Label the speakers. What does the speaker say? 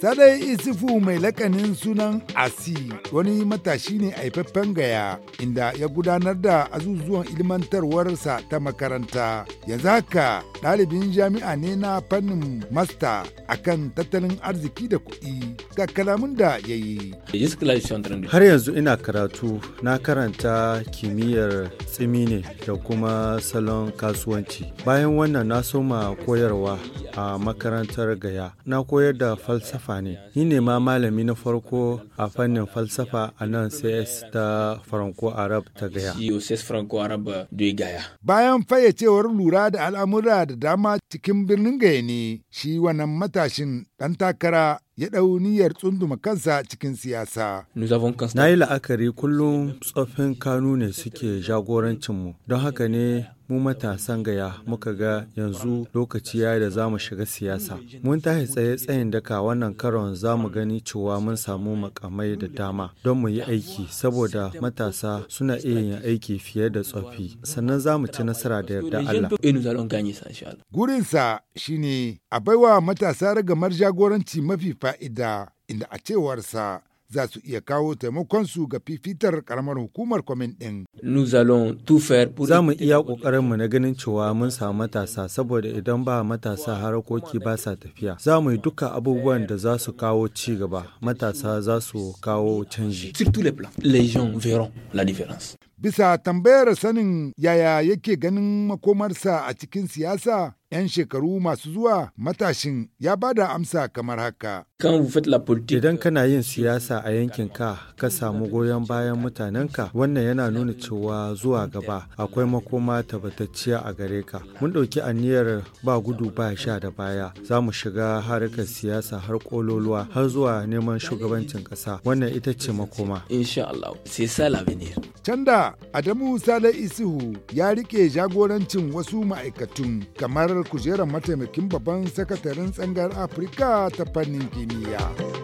Speaker 1: Sadai Isufu mai lakanin sunan Asi wani matashi ne haifaffen gaya inda ya gudanar da azuzuwan ilmantarwarsa ta makaranta. Yanzu haka ɗalibin jami'a ne na fannin masta a kan tattalin arziki da kuɗi ga kalamin da ya yi. Har
Speaker 2: yanzu ina karatu na karanta kimiyyar tsimi ne da kuma salon kasuwanci. Bayan wannan na soma koyarwa a makarantar gaya. Na koyar da falsafa falsafa ne. Ni ne ma malami na farko a fannin falsafa a nan CS ta Franco Arab ta Gaya.
Speaker 1: Bayan fayyacewar lura da al'amura da dama cikin birnin Gaya ne, shi wannan matashin ɗan takara ya ɗau niyyar tsunduma kansa cikin siyasa.
Speaker 2: Na yi la'akari kullum tsoffin kanu ne suke jagorancinmu, don haka ne mu matasan gaya muka ga yanzu lokaci ya da za mu shiga siyasa mun tashi tsaye tsayin daka wannan karon za mu gani cewa mun samu makamai da dama don mu yi aiki saboda matasa suna iya yin aiki fiye da tsofi sannan za mu ci nasara da yarda Allah
Speaker 1: gurinsa shine a baiwa matasa ragamar jagoranci mafi fa'ida inda a cewarsa za su iya kawo taimakonsu ga fifitar karamar hukumar kwamin ɗin.
Speaker 2: Za mu iya mu na ganin cewa mun samu matasa saboda idan ba matasa harakoki ba sa tafiya. Za mu yi duka abubuwan da za su kawo ci gaba, matasa za su kawo canji.
Speaker 1: Bisa tambayar sanin yaya yake ganin makomarsa a cikin siyasa, 'yan shekaru masu zuwa matashin ya bada amsa kamar haka.
Speaker 2: Idan kana yin siyasa a yankinka, ka samu goyon bayan mutanenka, wannan yana nuna cewa cewa zuwa gaba akwai makoma tabbatacciya a gare ka mun ɗauki aniyar ba gudu ba sha da baya za mu shiga harkar siyasa har kololuwa har
Speaker 1: zuwa neman shugabancin ƙasa wannan ita ce makoma insha Allah sai sala Canda Adamu Sale Isihu ya rike jagorancin wasu ma'aikatun kamar kujerar mataimakin babban sakataren tsangar Afirka ta fannin kimiyya.